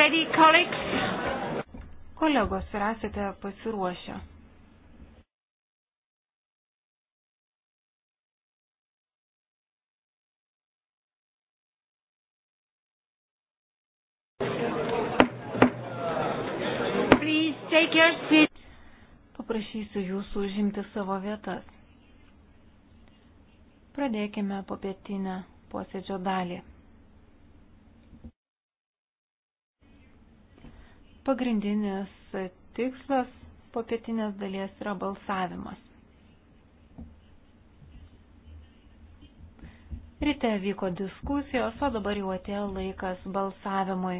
ready, colleagues? Kolegos, ar esate pasiruošę? Please take your seat. Paprašysiu jūsų užimti savo vietas. Pradėkime popietinę posėdžio dalį. pagrindinis tikslas po pietinės dalies yra balsavimas. Ryte vyko diskusijos, o dabar jau atėjo laikas balsavimui.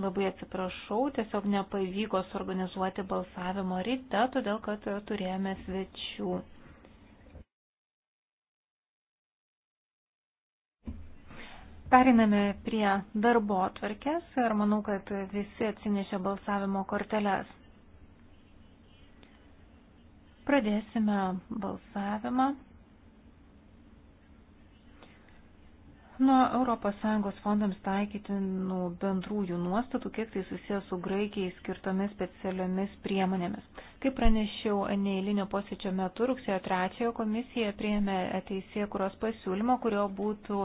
Labai atsiprašau, tiesiog nepavyko suorganizuoti balsavimo ryte, todėl kad turėjome svečių. Periname prie darbo atvarkės ir manau, kad visi atsinešė balsavimo korteles. Pradėsime balsavimą. nuo ES fondams taikytinų nu, bendrųjų nuostatų, kiek tai susijęs su Graikijai skirtomis specialiomis priemonėmis. Kaip pranešiau neįlinio posėdžio metu, rugsėjo 3 komisija prieėmė teisė, kurios pasiūlymo, kurio būtų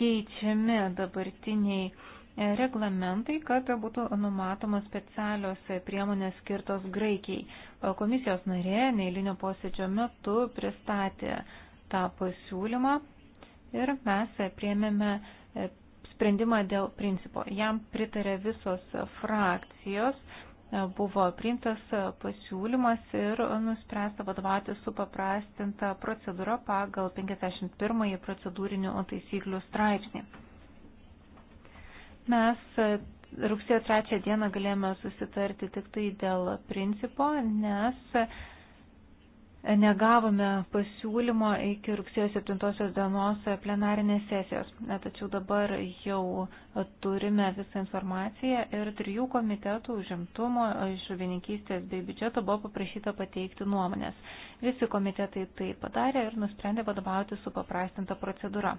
keičiami dabartiniai reglamentai, kad būtų numatomos specialios priemonės skirtos Graikijai. Komisijos narė neįlinio posėdžio metu pristatė tą pasiūlymą ir mes e, priemėme e, sprendimą dėl principo. Jam pritarė visos frakcijos, e, buvo priimtas pasiūlymas ir nuspręsta vadovauti su paprastinta procedūra pagal 51 procedūrinių taisyklių straipsnį. Mes rugsėjo 3 dieną galėjome susitarti tik tai dėl principo, nes negavome pasiūlymo iki rugsėjo 7 dienos plenarinės sesijos. Tačiau dabar jau turime visą informaciją ir trijų komitetų užimtumo, žuvininkystės bei biudžeto buvo paprašyta pateikti nuomonės. Visi komitetai tai padarė ir nusprendė vadovauti su paprastinta procedūra.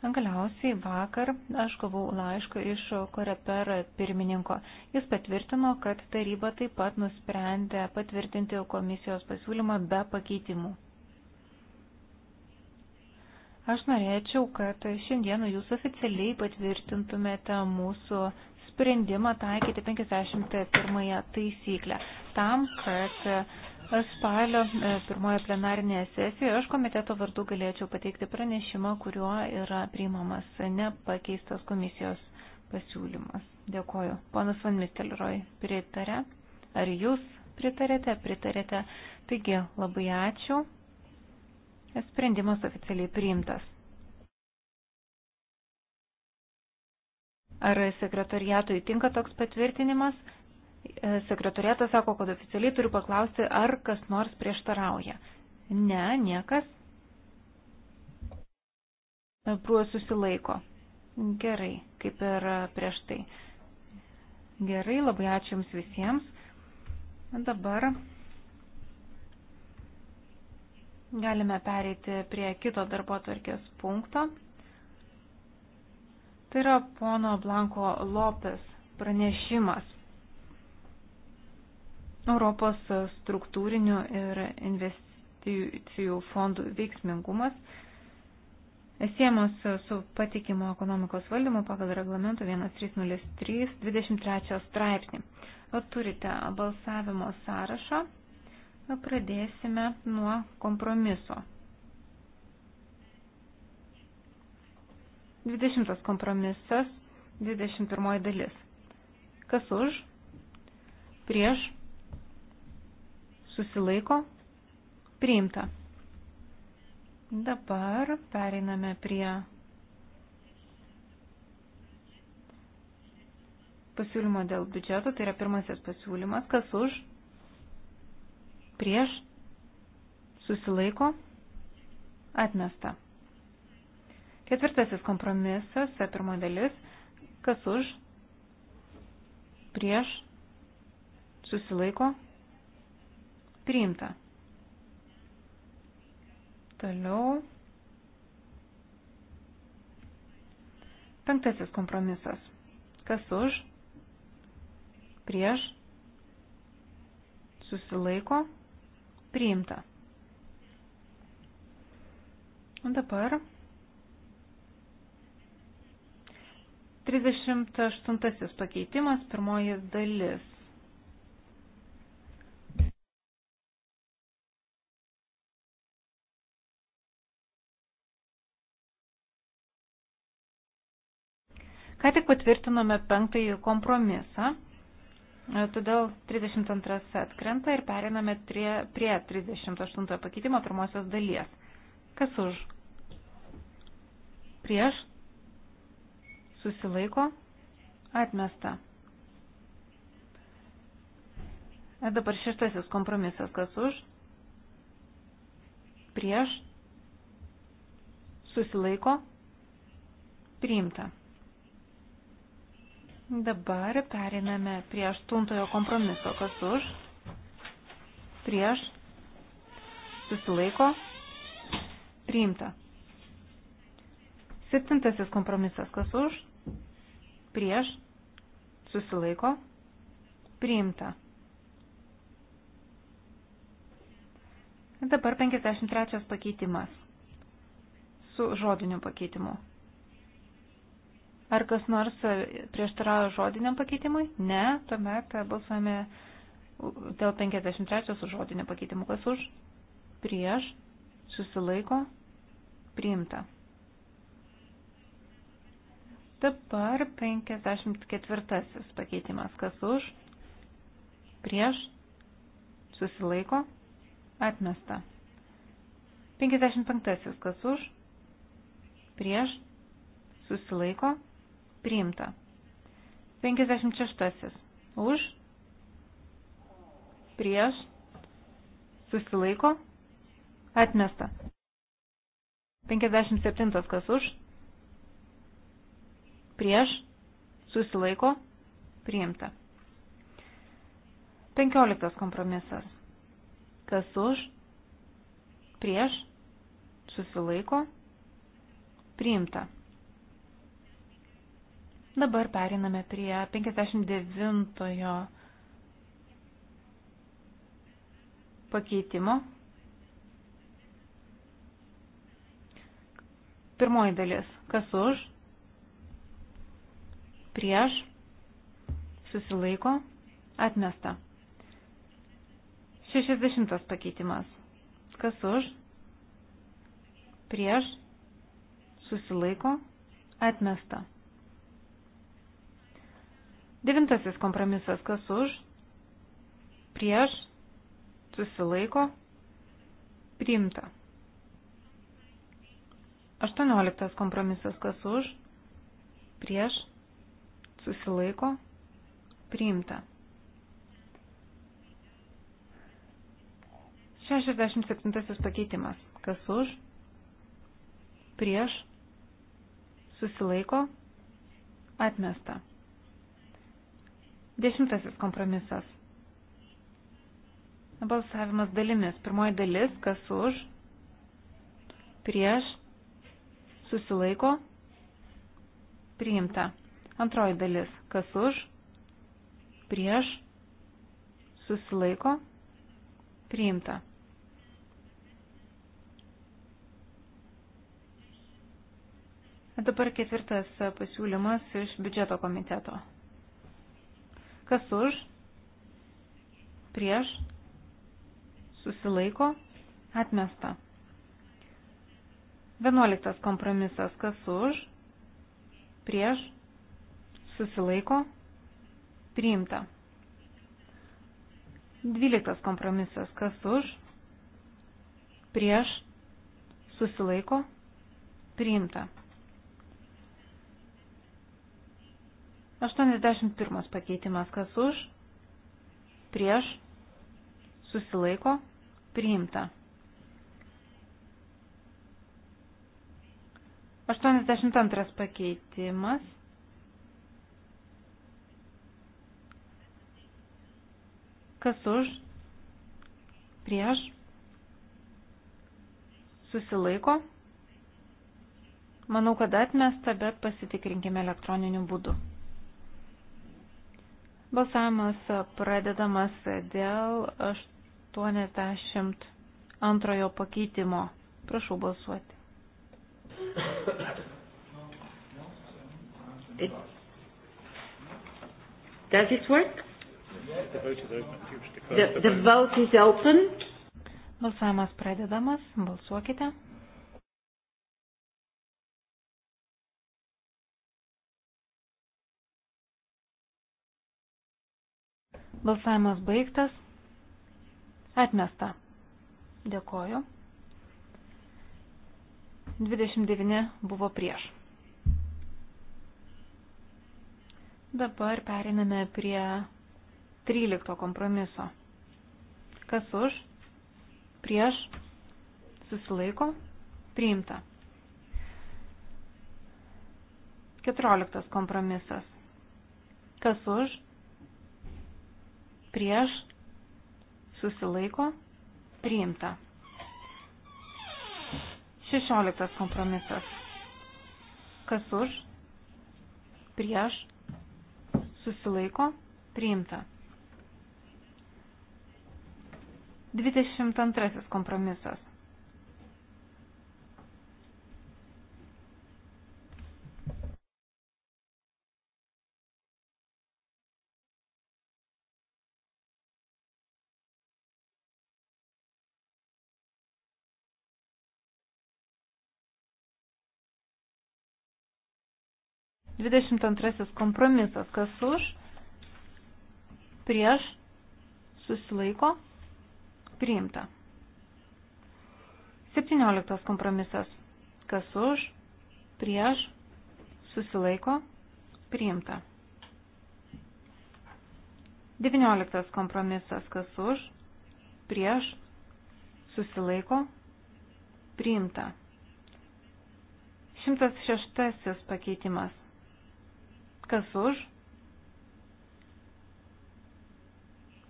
Galiausiai vakar aš gavau laišką iš Koreper pirmininko. Jis patvirtino, kad taryba taip pat nusprendė patvirtinti komisijos pasiūlymą be pakeitimų. Aš norėčiau, kad šiandieną jūs oficialiai patvirtintumėte mūsų sprendimą taikyti 51 taisyklę tam, kad Spalio e, pirmojo plenarinėje sesijoje aš komiteto vardu galėčiau pateikti pranešimą, kuriuo yra priimamas nepakeistas komisijos pasiūlymas. Dėkoju. Ponas Van Mistelroj pritarė. Ar jūs pritarėte? Pritarėte. Taigi, labai ačiū. Sprendimas oficialiai priimtas. Ar sekretariatui tinka toks patvirtinimas? E, Sekretorietas sako, kad oficialiai turiu paklausti, ar kas nors prieštarauja. Ne, niekas. E, Pruo susilaiko. Gerai, kaip ir prieš tai. Gerai, labai ačiū Jums visiems. Dabar galime pereiti prie kito darbo tvarkės punkto. Tai yra pono Blanko Lopes pranešimas Europos struktūrinių ir investicijų fondų veiksmingumas siemos su patikimo ekonomikos valdymu pagal reglamento 1303 23 straipsnį. Turite balsavimo sąrašą. Pradėsime nuo kompromiso. 20 kompromisas, 21 dalis. Kas už? Prieš? susilaiko, priimta. Dabar pereiname prie pasiūlymo dėl biudžeto, tai yra pirmasis pasiūlymas, kas už, prieš, susilaiko, atmesta. Ketvirtasis kompromisas, pirmo dalis, kas už, prieš, susilaiko, atmesta priimta. Toliau. Penktasis kompromisas. Kas už? Prieš? Susilaiko? Priimta. O dabar 38 pakeitimas, pirmoji dalis. Ką tik patvirtinome penktąjį kompromisą, e, todėl 32 atkrenta ir periname prie, prie 38 pakeitimo pirmosios dalies. Kas už? Prieš? Susilaiko? Atmesta. A e, dabar šeštasis kompromisas. Kas už? Prieš? Susilaiko? Priimta. Dabar periname prie aštuntojo kompromiso. Kas už? Prieš? Susilaiko? Priimta. Septintasis kompromisas. Kas už? Prieš? Susilaiko? Priimta. Dabar 53 pakeitimas su žodiniu pakeitimu. Ar kas nors prieštarauja žodiniam pakeitimui? Ne, tuomet balsuojame dėl 53 su žodiniu pakeitimu. Kas už? Prieš. Susilaiko. Priimta. Dabar 54 pakeitimas. Kas už? Prieš. Susilaiko. Atmesta. 55 kas už? Prieš. Susilaiko priimta. 56. Už, prieš, susilaiko, atmesta. 57. Kas už, prieš, susilaiko, priimta. 15. Kompromisas. Kas už, prieš, susilaiko, priimta. Dabar periname prie 59 pakeitimo. Pirmoji dalis. Kas už? Prieš? Susilaiko? Atmesta. 60 pakeitimas. Kas už? Prieš? Susilaiko? Atmesta. Devintasis kompromisas, kas už, prieš, susilaiko, priimta. Aštuonioliktas kompromisas, kas už, prieš, susilaiko, priimta. 67 pakeitimas, kas už, prieš, susilaiko, atmesta. Dešimtasis kompromisas. Balsavimas dalimis. Pirmoji dalis, kas už, prieš, susilaiko, priimta. Antroji dalis, kas už, prieš, susilaiko, priimta. Dabar ketvirtas pasiūlymas iš biudžeto komiteto. Kas už? Prieš? Susilaiko? Atmesta. Vienuoliktas kompromisas. Kas už? Prieš? Susilaiko? Priimta. Dvyliktas kompromisas. Kas už? Prieš? Susilaiko? Priimta. 81 pakeitimas kas už, prieš, susilaiko, priimta. 82 pakeitimas. Kas už, prieš, susilaiko. Manau, kad atmesta, bet pasitikrinkime elektroniniu būdu. Balsavimas pradedamas dėl 82 pakeitimo. Prašau balsuoti. It, does it work? The, the vote is open. Balsavimas pradedamas. Balsuokite. Balsavimas baigtas. Atmesta. Dėkoju. 29 buvo prieš. Dabar periname prie 13 kompromiso. Kas už? Prieš? Susilaiko? Priimta. 14 kompromisas. Kas už? prieš, susilaiko, priimta. 16 kompromisas. Kas už, prieš, susilaiko, priimta. 22 kompromisas. 22 kompromisas. Kas už? Prieš? Susilaiko? Priimta. 17 kompromisas. Kas už? Prieš? Susilaiko? Priimta. 19 kompromisas. Kas už? Prieš? Susilaiko? Priimta. 106 pakeitimas kas už,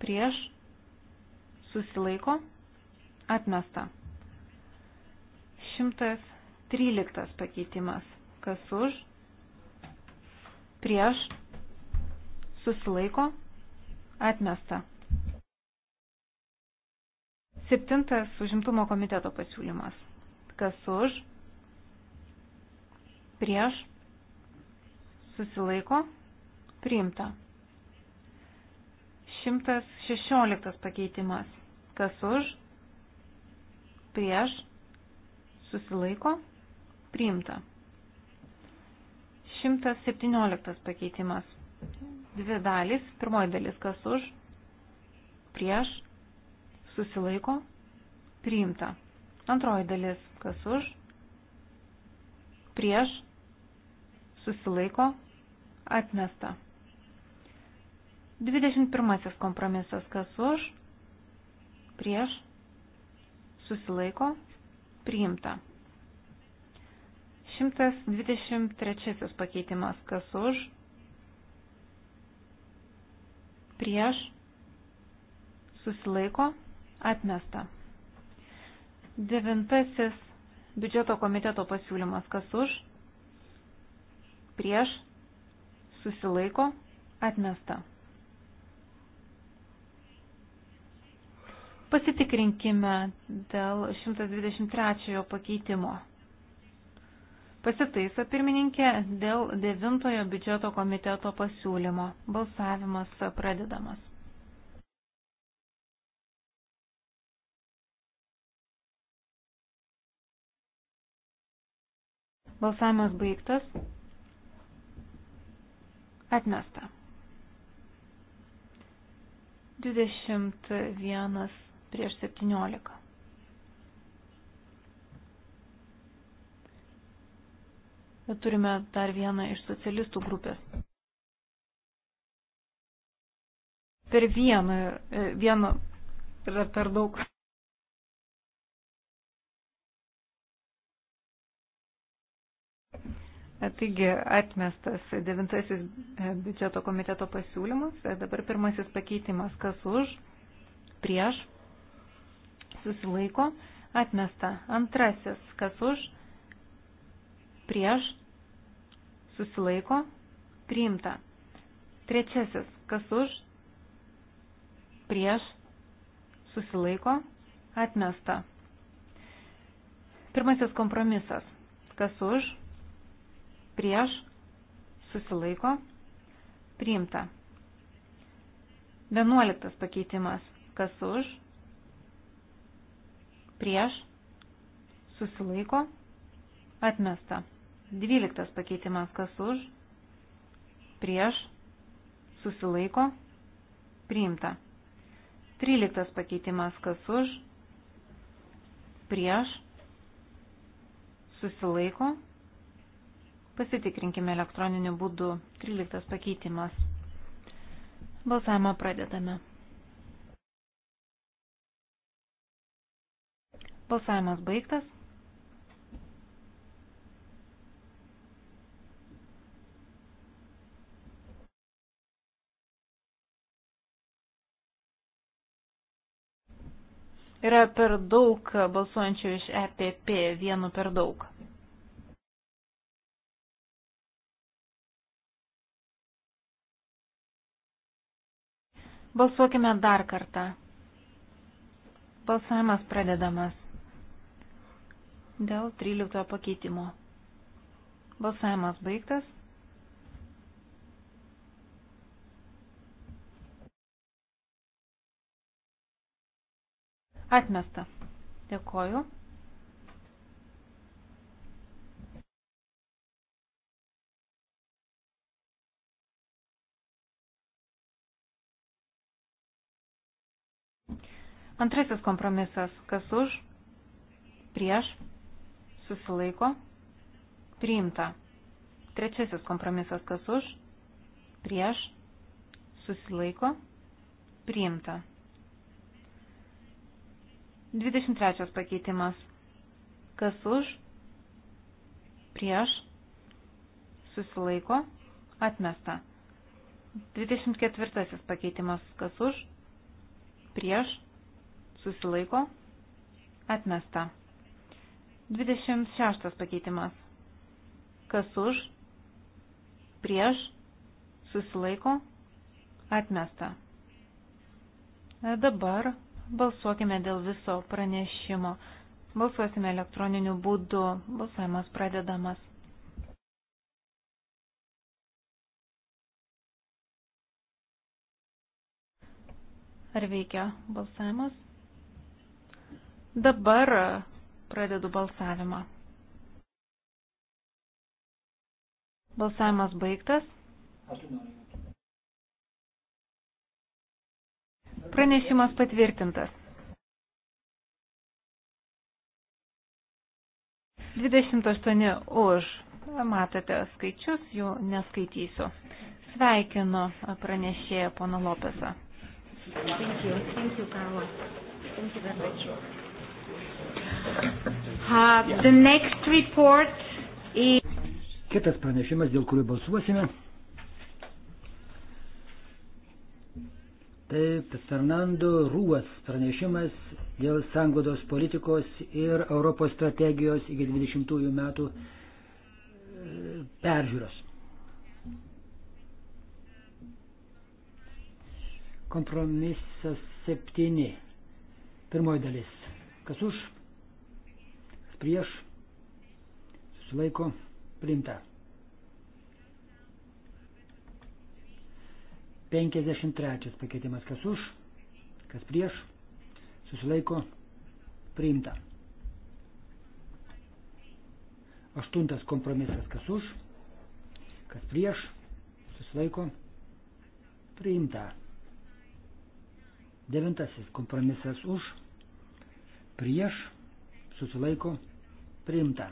prieš, susilaiko, atmesta. 113 pakeitimas, kas už, prieš, susilaiko, atmesta. Septintas užimtumo komiteto pasiūlymas. Kas už, prieš, susilaiko, priimta. 116 pakeitimas. Kas už, prieš, susilaiko, priimta. 117 pakeitimas. Dvi dalys. Pirmoji dalis kas už, prieš, susilaiko, priimta. Antroji dalis kas už, prieš, susilaiko, atmesta. 21 kompromisas kas už, prieš, susilaiko, priimta. 123 pakeitimas kas už, prieš, susilaiko, atmesta. Devintasis biudžeto komiteto pasiūlymas kas už, prieš, susilaiko, atmesta. Pasitikrinkime dėl 123 pakeitimo. Pasitaiso pirmininkė dėl 9 biudžeto komiteto pasiūlymo. Balsavimas pradedamas. Balsavimas baigtas. Atmesta. 21 prieš 17. Turime dar vieną iš socialistų grupės. Per vieną, e, vieną yra per daug. Taigi atmestas devintasis e, biudžeto komiteto pasiūlymas. E, dabar pirmasis pakeitimas, kas už, prieš, susilaiko, atmesta. Antrasis, kas už, prieš, susilaiko, priimta. Trečiasis, kas už, prieš, susilaiko, atmesta. Pirmasis kompromisas, kas už, prieš prieš, susilaiko, priimta. Vienuoliktas pakeitimas, kas už, prieš, susilaiko, atmesta. Dvyliktas pakeitimas, kas už, prieš, susilaiko, priimta. Tryliktas pakeitimas, kas už, prieš, susilaiko, priimta Pasitikrinkime elektroniniu būdu. 13 pakeitimas. Balsavimą pradedame. Balsavimas baigtas. Yra per daug balsuojančių iš EPP, vienu per daug. Balsuokime dar kartą. Balsavimas pradedamas dėl 13 pakeitimo. Balsavimas baigtas. Atmesta. Dėkoju. Antrasis kompromisas. Kas už? Prieš? Susilaiko? Priimta. Trečiasis kompromisas. Kas už? Prieš? Susilaiko? Priimta. 23 pakeitimas. Kas už? Prieš? Susilaiko? Atmesta. 24 pakeitimas. Kas už? Prieš? susilaiko, atmesta. 26 pakeitimas. Kas už, prieš, susilaiko, atmesta. Dabar balsuokime dėl viso pranešimo. Balsuosime elektroniniu būdu. Balsavimas pradedamas. Ar veikia balsavimas? Dabar pradedu balsavimą. Balsavimas baigtas. Pranešimas patvirtintas. 28 už. Matote skaičius, jų neskaitysiu. Sveikinu pranešėją pono Lopesą. Thank you. Thank you, Paula. Thank you very much. Uh, the next report is... Kitas pranešimas, dėl kurio balsuosime. Taip, Fernando Rūvas pranešimas dėl sangodos politikos ir Europos strategijos iki 20 metų e, peržiūros. Kompromisas septyni. Pirmoji dalis. Kas už? prieš, susilaiko, priimta. 53 pakeitimas kas už, kas prieš, susilaiko, priimta. Aštuntas kompromisas kas už, kas prieš, susilaiko, priimta. Devintasis kompromisas už, prieš, susilaiko, priimta Priimta.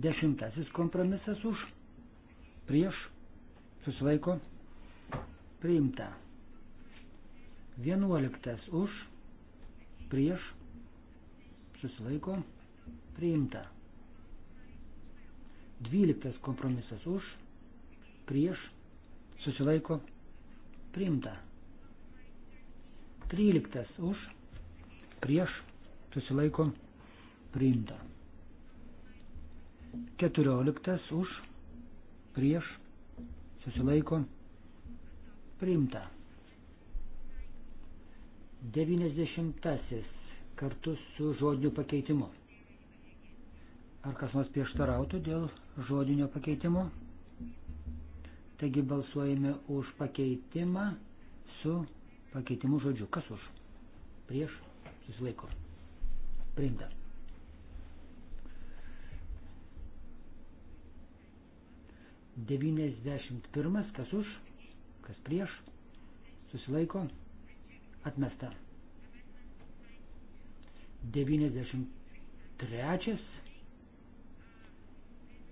Dešimtasis kompromisas už, prieš, susilaiko, priimta. Vienuoliktas už, prieš, susilaiko, priimta. Dvyliktas kompromisas už, prieš, susilaiko, priimta. Tryliktas už, prieš, susilaiko, priimta. 14 už, prieš, susilaiko, priimta. 90 kartu su žodiniu pakeitimu. Ar kas nors prieštarautų dėl žodinio pakeitimo? Taigi balsuojame už pakeitimą su pakeitimu žodžiu. Kas už? Prieš susilaiko priimta. Devyniasdešimt pirmas, kas už, kas prieš, susilaiko, atmesta. Devyniasdešimt trečias,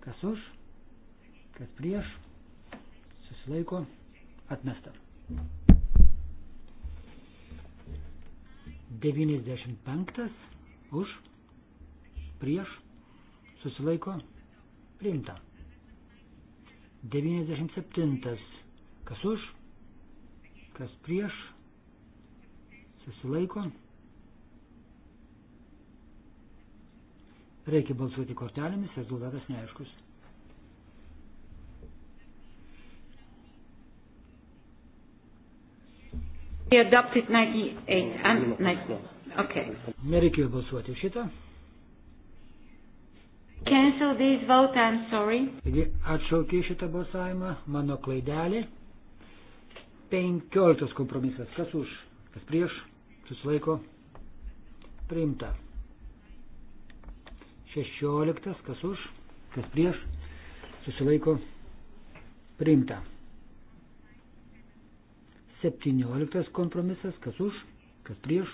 kas už, kas prieš, susilaiko, atmesta. 95 už, prieš, susilaiko, priimta. 97 kas už, kas prieš, susilaiko. Reikia balsuoti kortelėmis, rezultatas neaiškus. Okay. Nereikėjo balsuoti už šitą. Cancel this vote, I'm sorry. Taigi atšaukė šitą balsavimą, mano klaidelė. 15 kompromisas. Kas už, kas prieš, susilaiko. Priimta. 16. Kas už, kas prieš, susilaiko. Priimta. 17 kompromisas, kas už, kas prieš,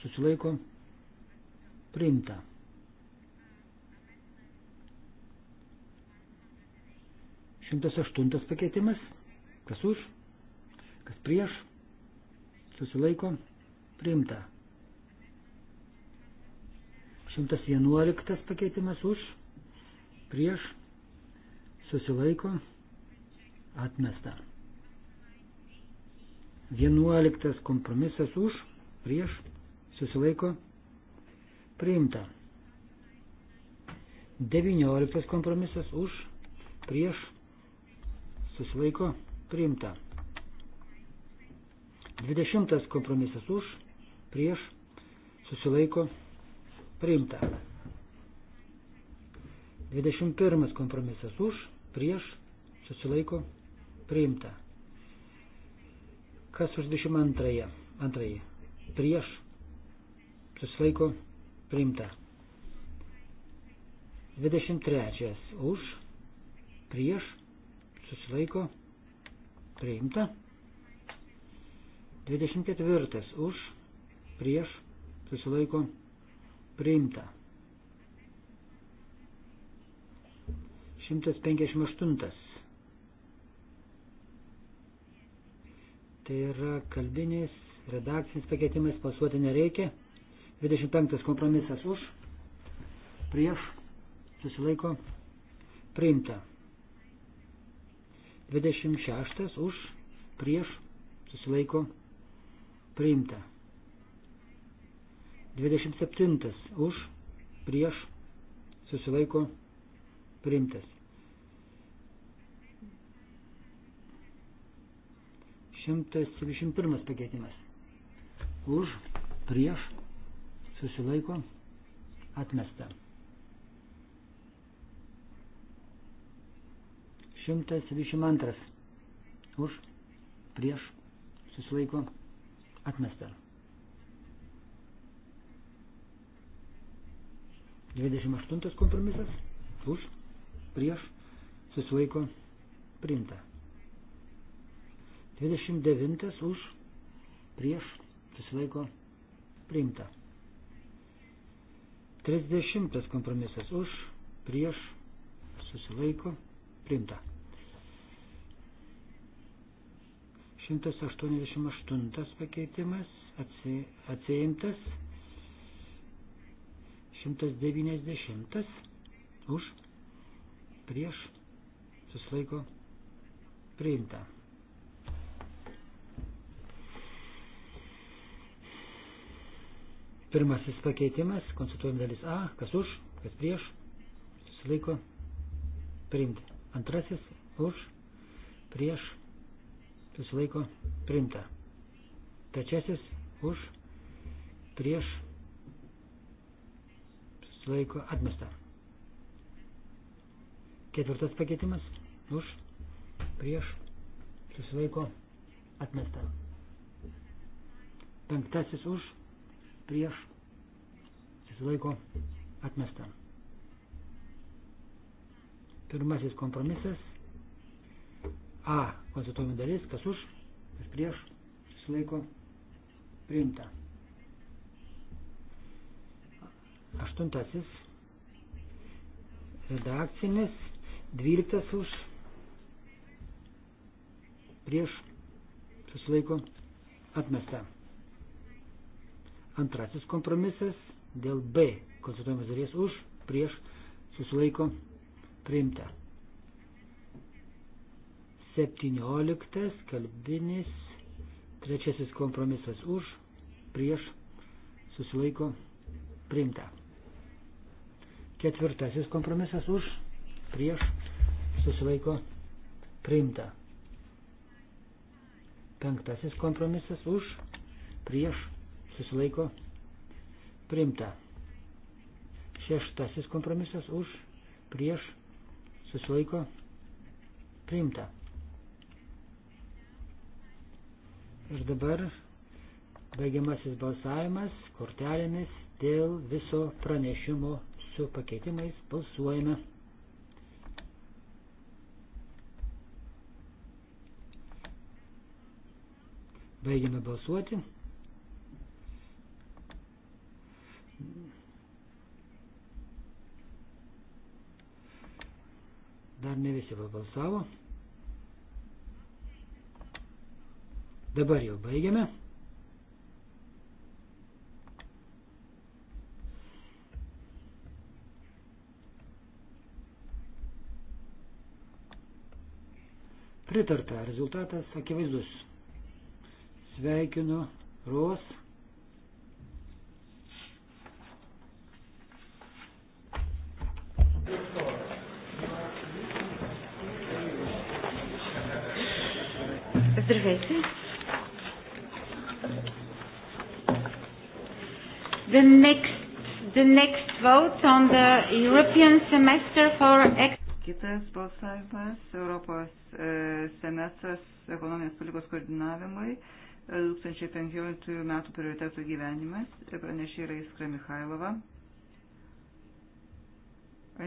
susilaiko, priimta. Šimtas aštuntas pakeitimas, kas už, kas prieš, susilaiko, priimta. Šimtas vienuoliktas pakeitimas už, prieš, susilaiko, atmesta. Vienuoliktas kompromisas už, prieš, susilaiko, priimta. Devynioliktas kompromisas už, prieš, susilaiko, priimta. Dvidešimtas kompromisas už, prieš, susilaiko, priimta. Dvidešimt pirmas kompromisas už, prieš, susilaiko, priimta. Kas už 22? Antrąjį. Prieš. Susilaiko. Priimta. 23. Už. Prieš. Susilaiko. Priimta. 24. Už. Prieš. Susilaiko. Priimta. 158 Tai yra kalbinis, redakcinis pakeitimas, balsuoti nereikia. 25 kompromisas už, prieš, susilaiko, priimta. 26 už, prieš, susilaiko, priimta. 27 už, prieš, susilaiko, priimtas. 171 pakeitimas. Už, prieš, susilaiko, atmesta. 172. Už, prieš, susilaiko, atmesta. 28 kompromisas. Už, prieš, susilaiko, priimta. 29 už prieš susilaiko priimta. 30 kompromisas už prieš susilaiko priimta. 188 pakeitimas atsiimtas. 190 už prieš susilaiko priimta. Pirmasis pakeitimas, konstatuojam dalis A, kas už, kas prieš, susilaiko, priimti. Antrasis, už, prieš, susilaiko, priimta. Trečiasis, už, prieš, susilaiko, atmesta. Ketvirtas pakeitimas, už, prieš, susilaiko, atmesta. Penktasis už, prieš, susilaiko, atmesta. Pirmasis kompromisas. A. Konstatuojami dalis, kas už, kas prieš, susilaiko, priimta. Aštuntasis. Redakcinis. Dvyliktas už, prieš, susilaiko, atmesta. Antrasis kompromisas dėl B konstatuojamas dalies už, prieš, susilaiko, priimta. 17 kalbinis, trečiasis kompromisas už, prieš, susilaiko, priimta. Ketvirtasis kompromisas už, prieš, susilaiko, priimta. Penktasis kompromisas už, prieš, susilaiko priimta. Šeštasis kompromisas už, prieš, susilaiko priimta. Ir dabar baigiamasis balsavimas kortelėmis dėl viso pranešimo su pakeitimais balsuojame. Baigiame balsuoti. Dar ne visi pabalsavo. Dabar jau baigiame. Pritarta rezultatas akivaizdus. Sveikinu Ros. Здравейте. The next, the next vote on the European semester for Kitas balsavimas Europos e, semestras ekonominės politikos koordinavimui 2015 e, metų prioritetų gyvenimas. E, pranešė yra Iskra Mikhailova.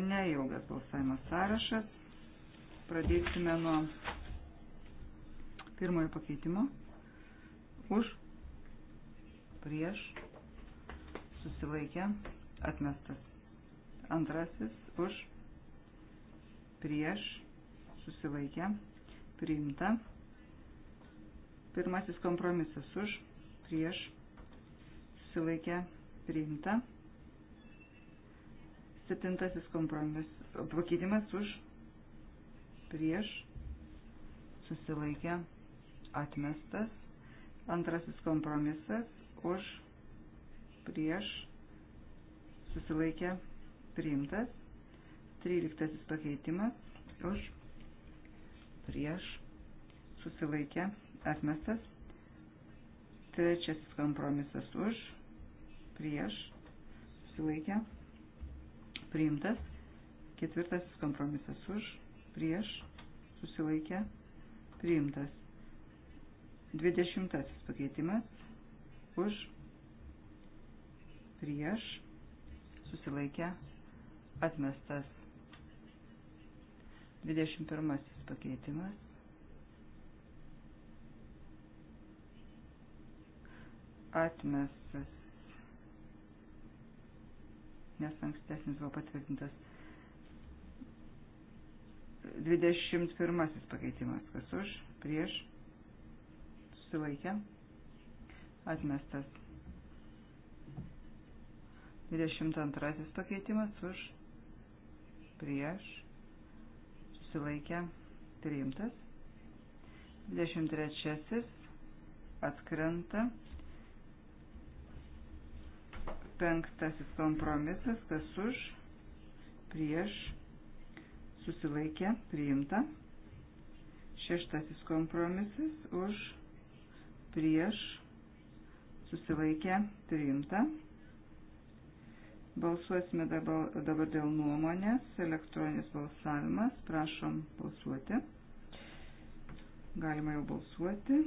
Neilgas balsavimo sąrašas. Pradėsime nuo pirmojo pakeitimo. Už, prieš, susilaikė, atmestas. Antrasis, už, prieš, susilaikė, priimta. Pirmasis kompromisas už, prieš, susilaikė, priimta. Septintasis kompromisas, pakeitimas už, prieš, susilaikė, priimta atmestas. Antrasis kompromisas už prieš susilaikė priimtas. Tryliktasis pakeitimas už prieš susilaikė atmestas. Trečiasis kompromisas už prieš susilaikė priimtas. Ketvirtasis kompromisas už prieš susilaikė priimtas. Dvidešimtasis pakeitimas už prieš susilaikę atmestas. Dvidešimt pirmasis pakeitimas. Atmestas. Nes ankstesnis buvo patvirtintas. 21 pakeitimas. Kas už? Prieš susilaikė, atmestas. 22 pakeitimas už, prieš, susilaikė, priimtas. 23 atkrenta. Penktasis kompromisas, kas už, prieš, susilaikė, priimta. Šeštasis kompromisas už prieš, susilaikė, priimta. Balsuosime dabar, dabar dėl nuomonės, elektroninis balsavimas, prašom balsuoti. Galima jau balsuoti.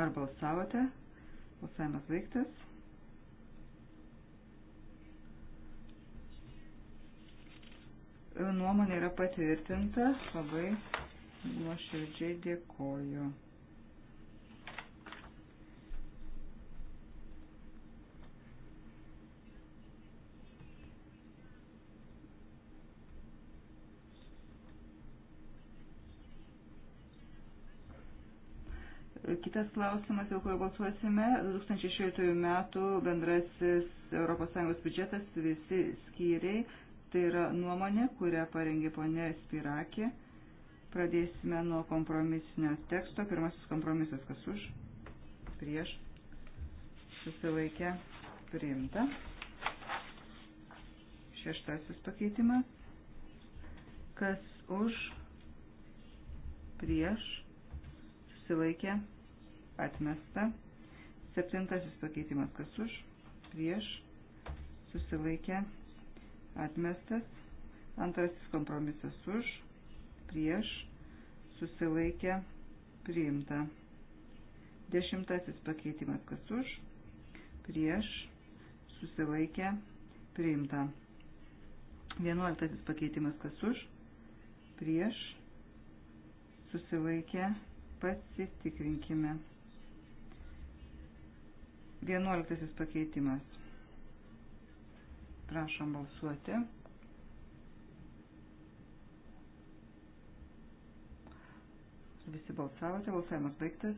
Ar balsavote? Balsavimas baigtas. Nuomonė yra patvirtinta, labai nuoširdžiai dėkoju. Kitas klausimas, dėl kurio balsuosime, 2016 metų bendrasis ES biudžetas visi skyriai, tai yra nuomonė, kurią parengė ponė Spirakė. Pradėsime nuo kompromisinio teksto. Pirmasis kompromisas, kas už, prieš, susilaikę, priimta. Šeštasis pakeitimas, kas už, prieš, susilaikę, atmesta. Septintasis pakeitimas, kas už, prieš, susilaikę, atmestas. Antrasis kompromisas už, prieš, susilaikė, priimta. Dešimtasis pakeitimas kas už, prieš, susilaikė, priimta. Vienuoliktasis pakeitimas kas už, prieš, susilaikė, pasitikrinkime. Vienuoliktasis pakeitimas. Prašom balsuoti. Visi balsavote, balsavimas baigtas.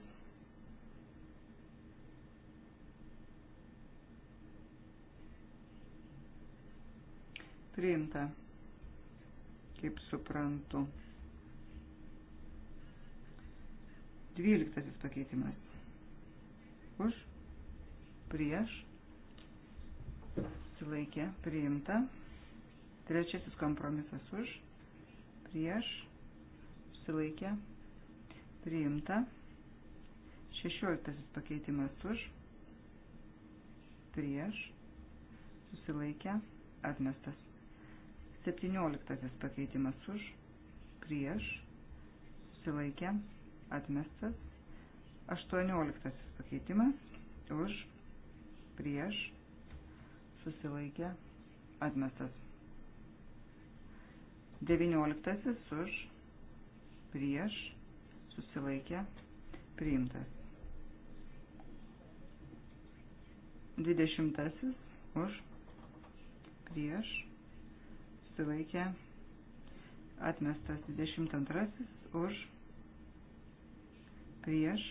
Priimta, kaip suprantu. Dvyliktasis pakeitimas. Už, prieš, sulaikė, priimta. Trečiasis kompromisas už, prieš, sulaikė, priimta priimta. 16 pakeitimas už, prieš, susilaikę, atmestas. 17 pakeitimas už, prieš, susilaikę, atmestas. 18 pakeitimas už, prieš, susilaikę, atmestas. 19 už, prieš, susilaikė, priimtas. Dvidešimtasis už, prieš, susilaikė, atmestas. Dvidešimt antrasis už, prieš,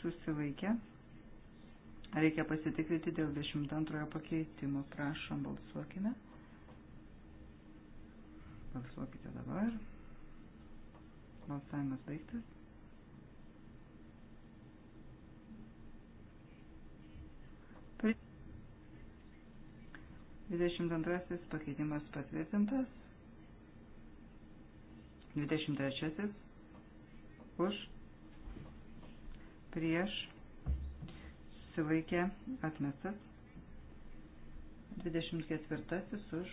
susilaikė. Reikia pasitikrinti dėl 22 pakeitimo. Prašom, balsuokime. Balsuokite dabar. Balsavimas baigtas. Pri... 22 pakeitimas patvirtintas. 23 už prieš susilaikė atmestas. 24 už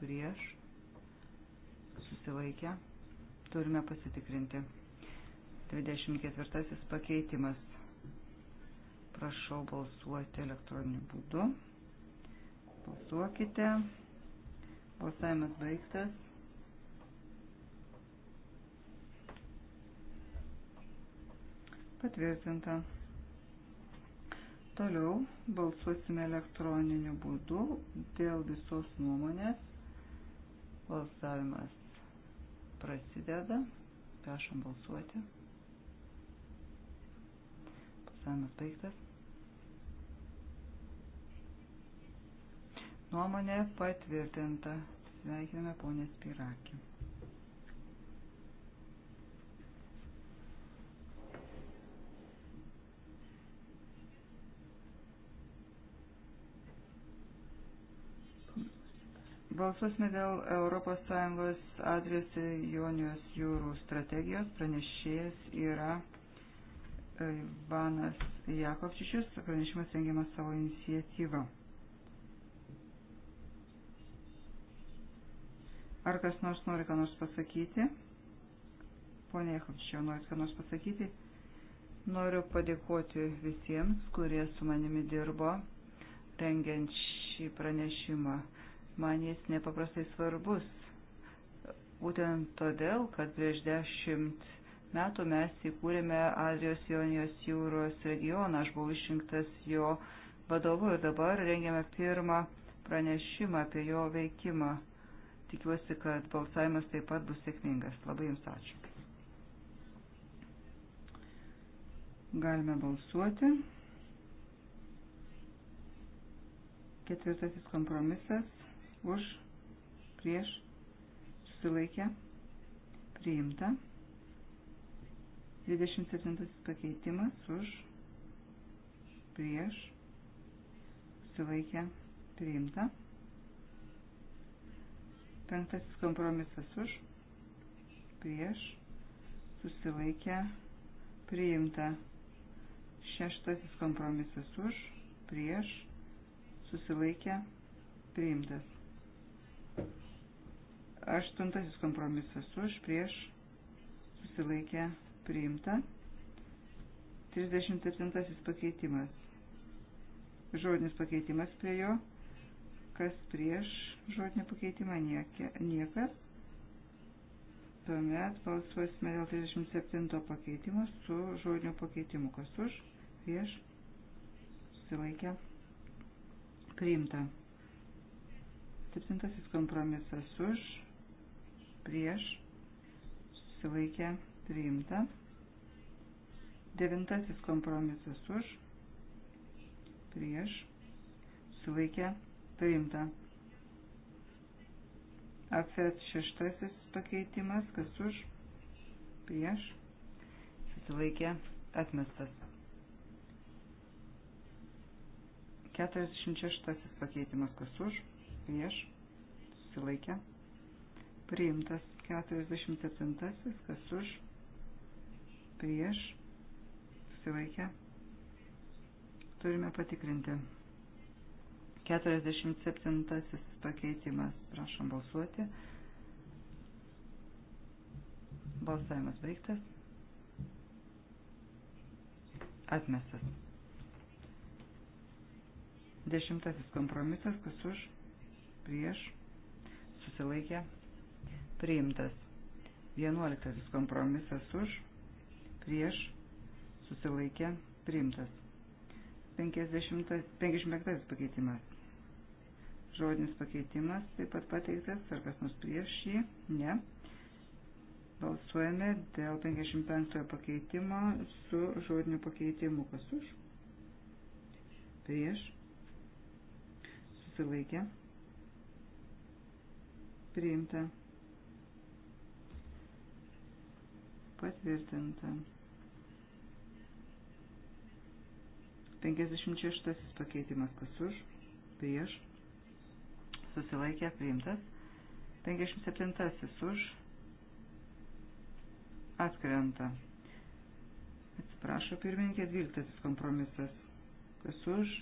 prieš susilaikė atmestas Turime pasitikrinti. 24 pakeitimas. Prašau balsuoti elektroniniu būdu. Balsuokite. Balsavimas baigtas. Patvirtinta. Toliau balsuosime elektroniniu būdu dėl visos nuomonės. Balsavimas prasideda. Prašom balsuoti. Balsavimas baigtas. Nuomonė patvirtinta. Sveikiname ponę Spirakį. Balsuosime dėl ES adresų Jonijos jūrų strategijos. Pranešėjas yra e, Ivanas Jakovčičius. Pranešimas rengiamas savo iniciatyvą. Ar kas nors nori ką nors pasakyti? Pone Jakovčičiau, norit ką nors pasakyti? Noriu padėkoti visiems, kurie su manimi dirbo rengiant šį pranešimą man jis nepaprastai svarbus. Būtent todėl, kad prieš dešimt metų mes įkūrėme Azijos Jonijos jūros regioną. Aš buvau išrinktas jo vadovu ir dabar rengiame pirmą pranešimą apie jo veikimą. Tikiuosi, kad balsavimas taip pat bus sėkmingas. Labai Jums ačiū. Galime balsuoti. Ketvirtasis kompromisas už, prieš, susilaikę, priimta. 27 pakeitimas už, prieš, susilaikę, priimta. Penktasis kompromisas už, prieš, susilaikę, priimta. Šeštasis kompromisas už, prieš, susilaikę, priimtas. Aštuntasis kompromisas už prieš susilaikę priimta. 37 pakeitimas. Žodinis pakeitimas prie jo. Kas prieš žodinį pakeitimą niekas. Tuomet balsuosime dėl 37 pakeitimo su žodiniu pakeitimu. Kas už, prieš, susilaikę, priimta. Septintasis kompromisas už, prieš, susilaikė priimta. Devintasis kompromisas už, prieš, susilaikė priimta. Afet šeštasis pakeitimas, kas už, prieš, susilaikė atmestas. 46 pakeitimas, kas už, prieš, susilaikė atmestas priimtas 47, kas už, prieš, susilaikę. Turime patikrinti. 47 pakeitimas, prašom balsuoti. Balsavimas baigtas. Atmestas. Dešimtasis kompromisas, kas už, prieš, susilaikė priimtas. 11 kompromisas už, prieš, susilaikė, priimtas. 50, 55 pakeitimas. Žodinis pakeitimas taip pat pateiktas, ar kas nors prieš jį, ne. Balsuojame dėl 55 pakeitimo su žodiniu pakeitimu. Kas už? Prieš. Susilaikė. Priimta. patvirtinta. 56 pakeitimas kas už, prieš, susilaikė priimtas. 57 už, atkrenta. Atsiprašau, pirmininkė, 12 kompromisas. Kas už,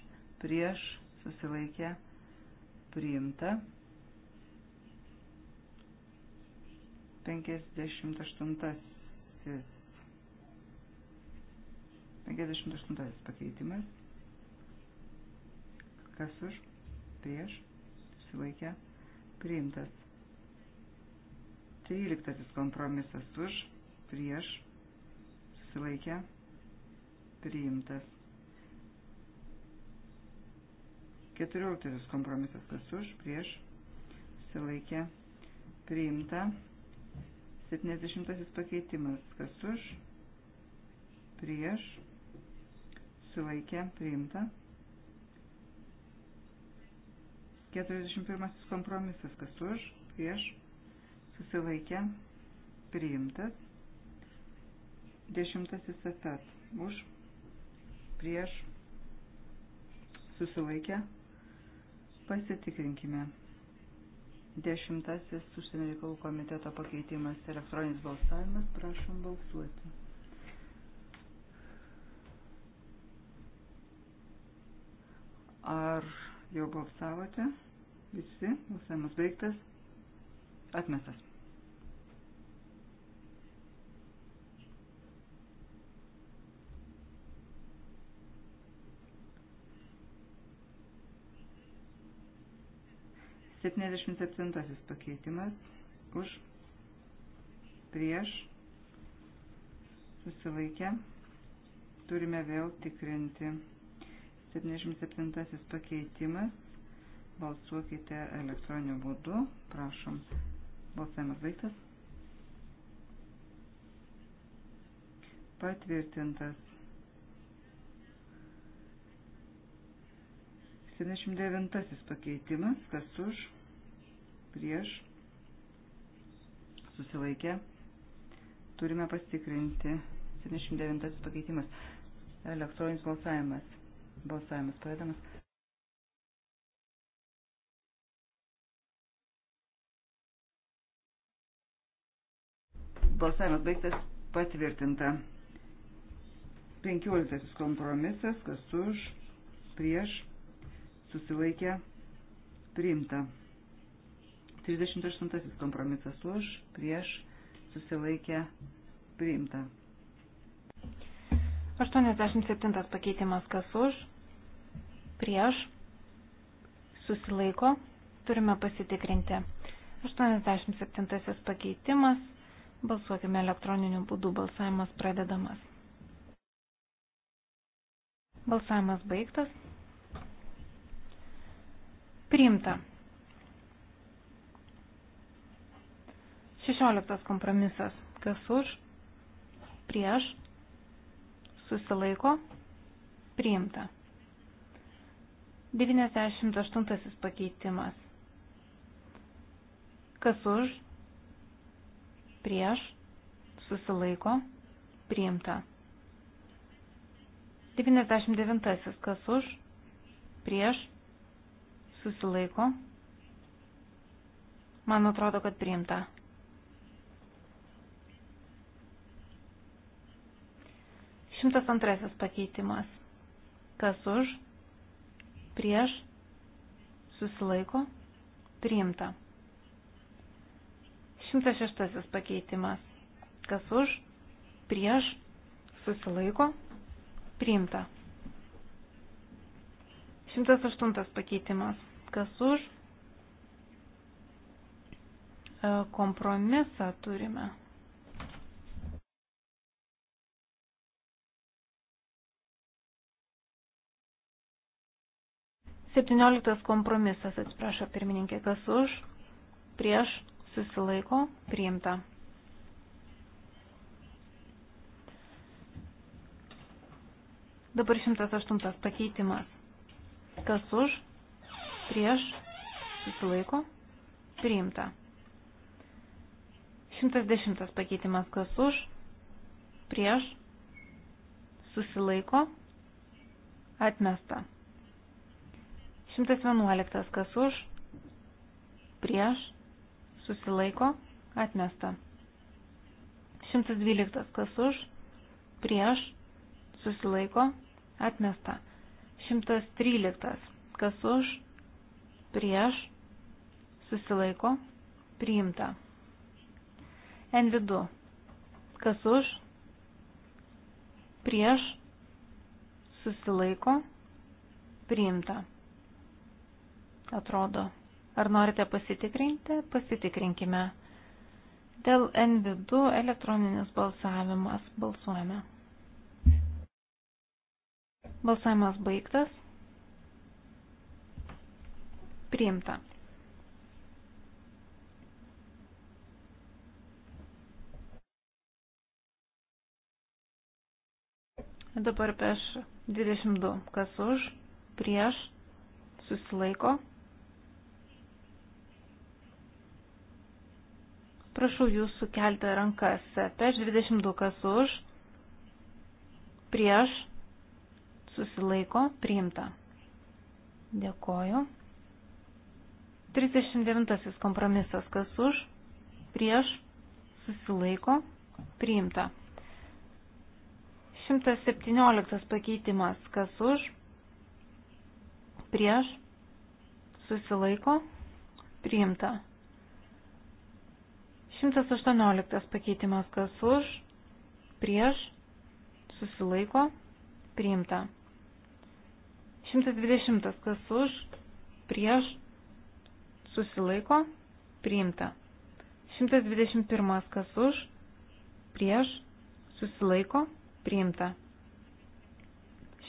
prieš, susilaikė priimta. 58 58 pakeitimas. Kas už, prieš, susilaikė, priimtas. 13 kompromisas už, prieš, susilaikė, priimtas. 14 kompromisas kas už, prieš, susilaikė, priimta. 70 pakeitimas. Kas už? Prieš. Sulaikė. Priimta. 41 kompromisas. Kas už? Prieš. Susilaikė. Priimtas. 10 etat. Už. Prieš. Susilaikė. Pasitikrinkime. Dešimtasis užsienio reikalų komiteto pakeitimas elektroninis balsavimas. Prašom balsuoti. Ar jau balsavote? Visi? Balsavimas baigtas. Atmestas. 77 pakeitimas už prieš susilaikę. Turime vėl tikrinti. 77 pakeitimas. Balsuokite elektroniniu būdu. Prašom. Balsavimas baigtas. Patvirtintas. 79 pakeitimas, kas už, prieš, susilaikė. Turime pasitikrinti 79 pakeitimas. Elektroninis balsavimas. Balsavimas pradedamas. Balsavimas baigtas patvirtinta. 15 kompromisas, kas už, prieš, susilaikė priimta. 38 kompromisas už, prieš, susilaikė priimta. 87 pakeitimas kas už, prieš, susilaiko, turime pasitikrinti. 87 pakeitimas, balsuokime elektroniniu būdu, balsavimas pradedamas. Balsavimas baigtas. Priimta. 16 kompromisas. Kas už? Prieš? Susilaiko? Priimta. 98 pakeitimas. Kas už? Prieš? Susilaiko? Priimta. 99 kas už? Prieš? susilaiko. Man atrodo, kad priimta. Šimtas antrasis pakeitimas. Kas už, prieš, susilaiko, priimta. Šimtas šeštasis pakeitimas. Kas už, prieš, susilaiko, priimta. Šimtas aštuntas pakeitimas Kas už? E, kompromisą turime. Septynioliktas kompromisas, atsiprašo pirmininkė, kas už, prieš, susilaiko, priimta. Dabar 108 pakeitimas. Kas už, prieš, susilaiko, priimta. 110 pakeitimas kas už, prieš, susilaiko, atmesta. 111 kas už, prieš, susilaiko, atmesta. 112 kas už, prieš, susilaiko, atmesta. 113 kas už, prieš, susilaiko, priimta. NV2, kas už, prieš, susilaiko, priimta. Atrodo. Ar norite pasitikrinti? Pasitikrinkime. Dėl NV2 elektroninis balsavimas balsuojame. Balsavimas baigtas. Priimta. Dabar peš 22. Kas už, prieš, susilaiko. Prašau jūsų kelti rankas. Peš 22. Kas už, prieš, susilaiko, priimta. Dėkoju. 39 kompromisas, kas už, prieš, susilaiko, priimta. 117 pakeitimas, kas už, prieš, susilaiko, priimta. 118 pakeitimas, kas už, prieš, susilaiko, priimta. 120 kas už, prieš, susilaiko susilaiko, priimta. 121 kas už, prieš, susilaiko, priimta.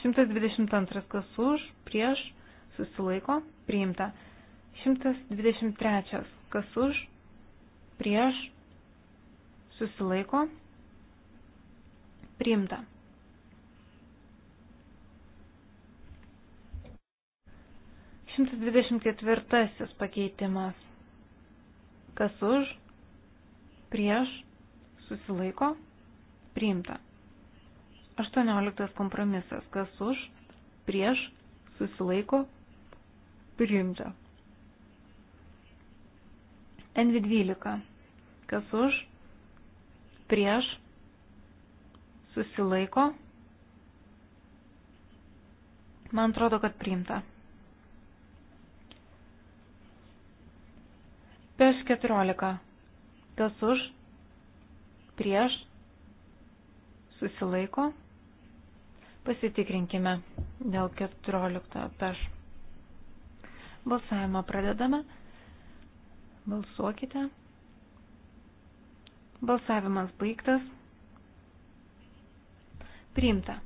122 kas už, prieš, susilaiko, priimta. 123 kas už, prieš, susilaiko, priimta. 124 pakeitimas. Kas už, prieš, susilaiko, priimta. 18 kompromisas. Kas už, prieš, susilaiko, priimta. NV12. Kas už, prieš, susilaiko. Man atrodo, kad priimta. Pes 14. Kas už? Prieš? Susilaiko? Pasitikrinkime dėl 14 peš. Balsavimą pradedame. Balsuokite. Balsavimas baigtas. Priimta.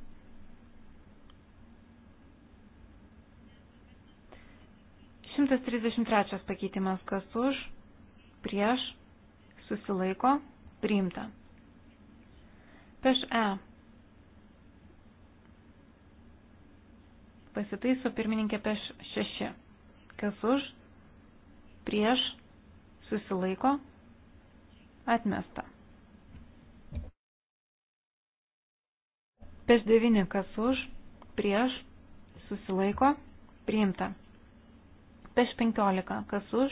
Šimtas trisdešimt trečias pakeitimas kas už prieš, susilaiko, priimta. Peš E. Pasitaiso pirmininkė peš 6. Kas už, prieš, susilaiko, atmesta. Peš 9. Kas už, prieš, susilaiko, priimta. Peš 15. Kas už,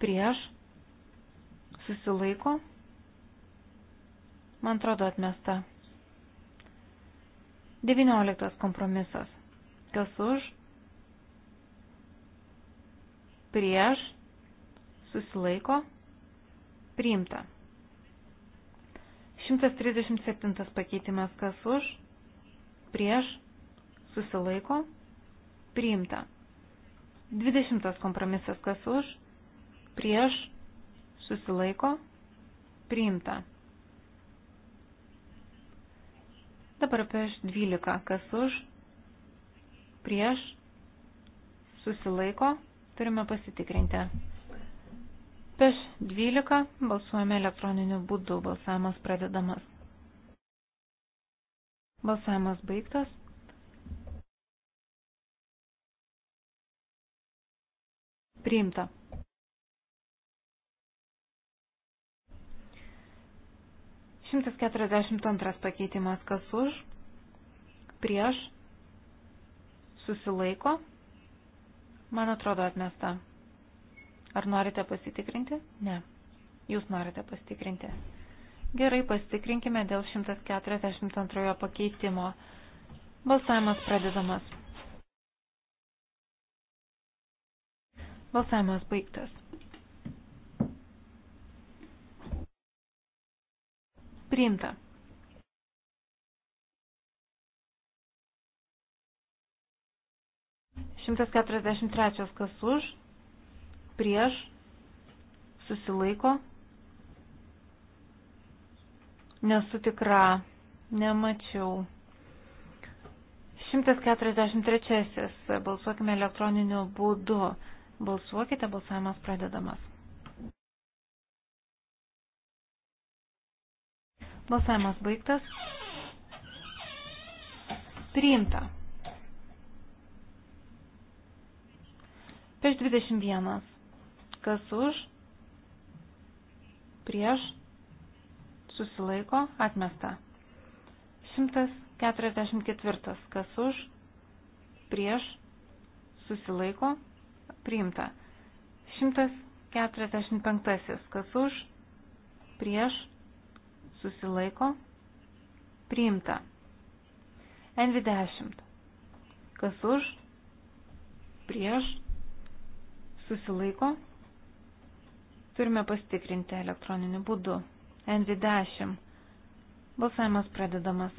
prieš, susilaiko, man atrodo atmesta. 19 kompromisas. Kas už, prieš, susilaiko, priimta. 137 pakeitimas. Kas už, prieš, susilaiko, priimta. 20 kompromisas. Kas už, prieš, susilaiko, priimta. Dabar prieš 12, kas už, prieš, susilaiko, turime pasitikrinti. Prieš 12 balsuojame elektroniniu būdu, balsavimas pradedamas. Balsavimas baigtas. Priimta. 142 pakeitimas kas už, prieš, susilaiko, man atrodo atmesta. Ar norite pasitikrinti? Ne. Jūs norite pasitikrinti. Gerai, pasitikrinkime dėl 142 pakeitimo. Balsavimas pradedamas. Balsavimas baigtas. priimta. Šimtas keturiasdešimt trečias kas už, prieš, susilaiko. Nesu tikra, nemačiau. 143. Balsuokime elektroniniu būdu. Balsuokite, balsavimas pradedamas. Balsavimas baigtas. Priimta. Prieš 21. Kas už? Prieš. Susilaiko. Atmesta. 144. Kas už? Prieš. Susilaiko. Priimta. 145. Kas už? Prieš susilaiko, priimta. N20. Kas už, prieš, susilaiko, turime pastikrinti elektroniniu būdu. N20. Balsavimas pradedamas.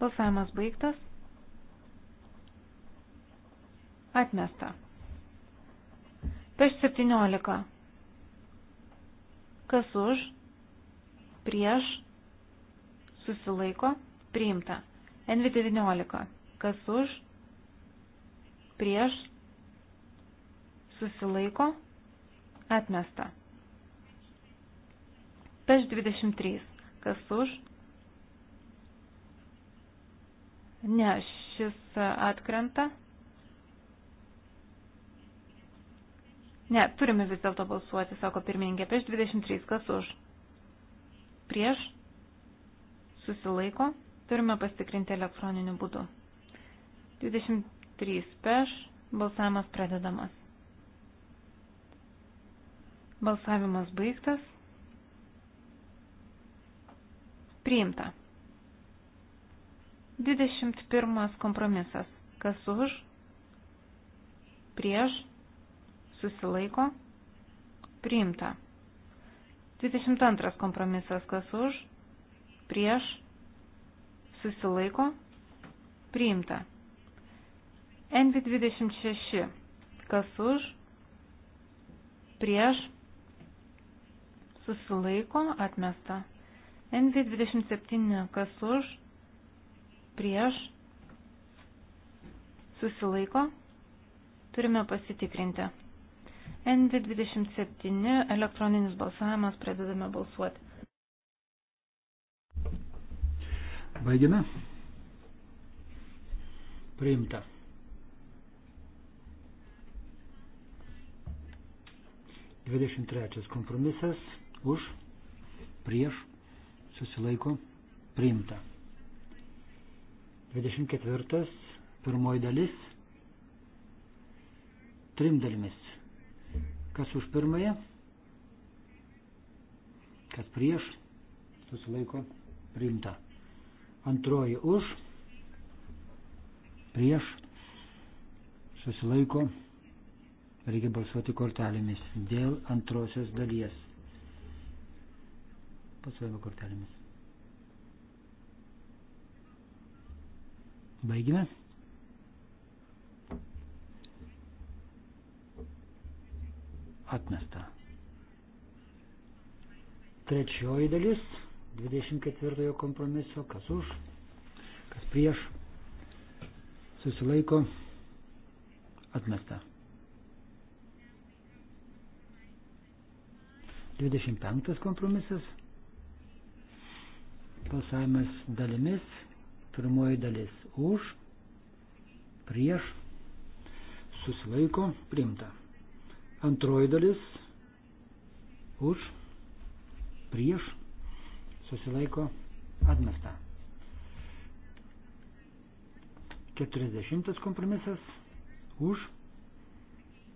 Balsavimas baigtas. Atmesta. Prieš 17. Kas už? Prieš? Susilaiko? Priimta. NV19. Kas už? Prieš? Susilaiko? Atmesta. Peš 23. Kas už? Ne, šis atkrenta. Ne, turime vis dėlto balsuoti, sako pirmininkė, prieš 23, kas už. Prieš susilaiko, turime pastikrinti elektroniniu būdu. 23 peš, balsavimas pradedamas. Balsavimas baigtas. Priimta. 21 kompromisas. Kas už? Prieš susilaiko, priimta. 22 kompromisas kas už, prieš, susilaiko, priimta. NV26 kas už, prieš, susilaiko, atmesta. NV27 kas už, prieš, susilaiko, turime pasitikrinti. NV27 elektroninis balsavimas pradedame balsuoti. Baigime. Priimta. Dvidešimt trečias kompromisas už, prieš, susilaiko, priimta. 24. Pirmoji dalis. Trim dalimis. Kas už pirmąją? Kas prieš? Susilaiko priimta. Antroji už. Prieš. Susilaiko. Reikia balsuoti kortelėmis. Dėl antrosios dalies. Balsuojame kortelėmis. Baigime. atmesta. Trečioji dalis 24 kompromiso, kas už, kas prieš, susilaiko, atmesta. 25 kompromisas, balsavimas dalimis, pirmoji dalis už, prieš, susilaiko, primta. Antroji dalis už, prieš, susilaiko atmesta. 40 kompromisas už,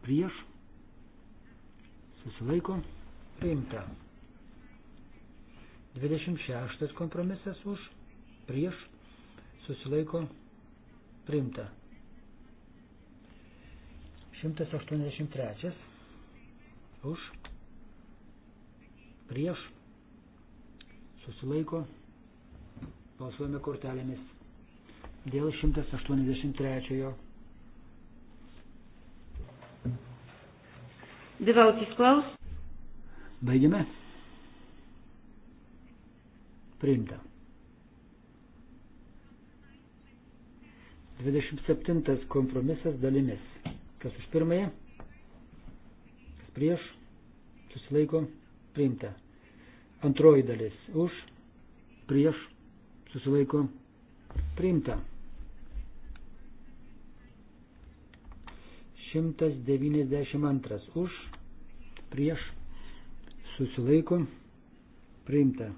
prieš, susilaiko priimta. 26 kompromisas už, prieš, susilaiko priimta. 183 už, prieš, susilaiko, balsuojame kortelėmis dėl 183-ojo. Dvautis klaus. Baigime. Priimta. 27 kompromisas dalimis. Kas už pirmąją? Kas prieš? susilaiko priimta. Antroji dalis už, prieš, susilaiko priimta. 192 už, prieš, susilaiko priimta.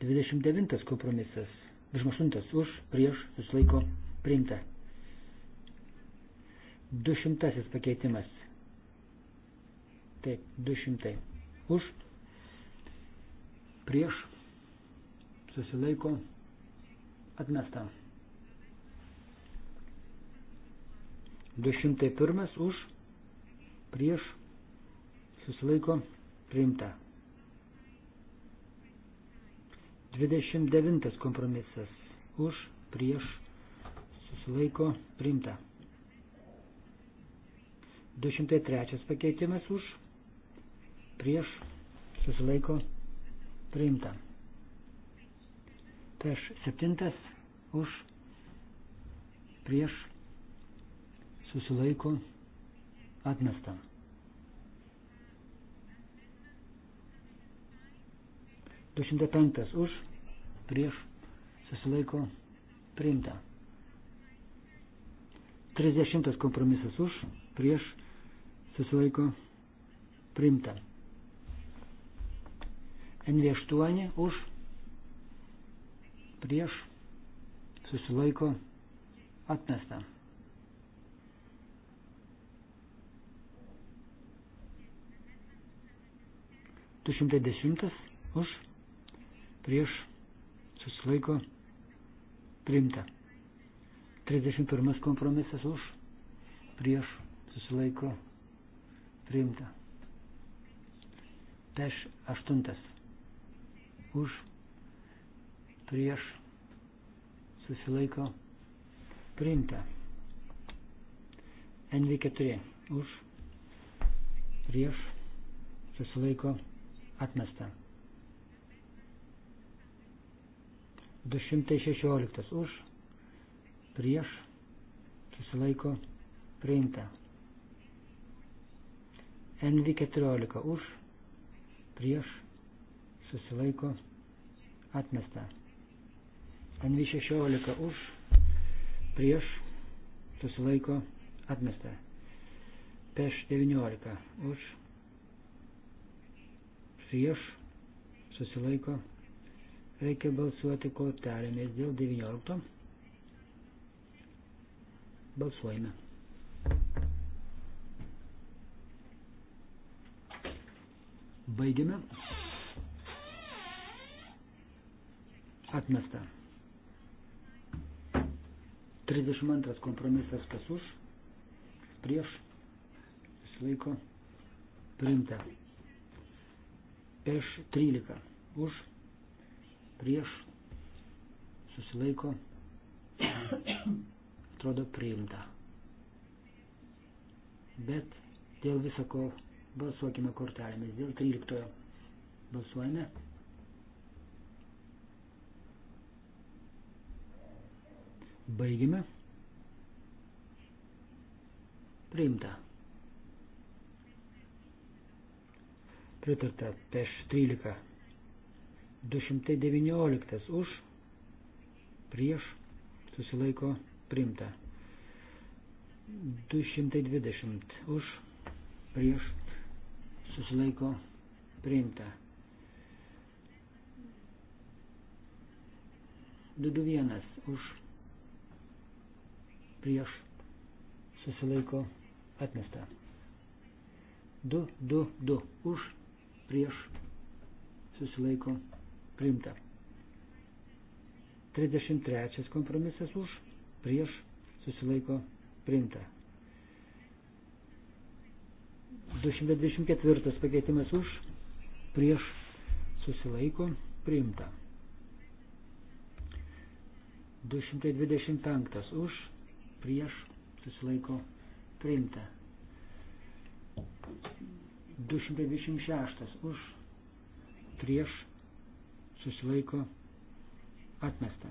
29 kompromisas, 28 už, prieš, susilaiko priimta. 200 pakeitimas Taip, 200. Už, prieš, susilaiko, atmesta. 201 už, prieš, susilaiko, priimta. 29 kompromisas už, prieš, susilaiko, priimta. 203 pakeitimas už, prieš, susilaiko, priimta. Prieš tai septintas, už, prieš, susilaiko, atmesta. Du šimtai penktas, už, prieš, susilaiko, priimta. Trisdešimtas kompromisas už, prieš, susilaiko, priimta. NV8 už, prieš, susilaiko, atmesta. Du šimtai dešimtas už, prieš, susilaiko, priimta. 31 kompromisas už, prieš, susilaiko, priimta. Peš aštuntas už, prieš, susilaiko, priimta. NV4 už, prieš, susilaiko, atmesta. 216 už, prieš, susilaiko, priimta. NV14 už, prieš, susilaiko atmesta. NV16 už, prieš, susilaiko atmesta. Peš 19 už, prieš, susilaiko. Reikia balsuoti, kol tarėmės dėl 19. Balsuojame. Baigime. Atmesta. 32 kompromisas kas už, prieš, išlaiko, priimta. Peš 13 už, prieš, susilaiko, atrodo priimta. Bet dėl visako balsuokime kortelėmis, dėl 13 balsuojame. Baigime. Priimta. Pritarta peš 13. 219 už. Prieš. Susilaiko. Priimta. 220 už. Prieš. Susilaiko. Priimta. 221 už prieš susilaiko atmesta. 2, 2, 2 už prieš susilaiko priimta. 33 kompromisas už prieš susilaiko priimta. 224 pakeitimas už prieš susilaiko priimta. 225 už prieš susilaiko priimta. 226 už prieš susilaiko atmesta.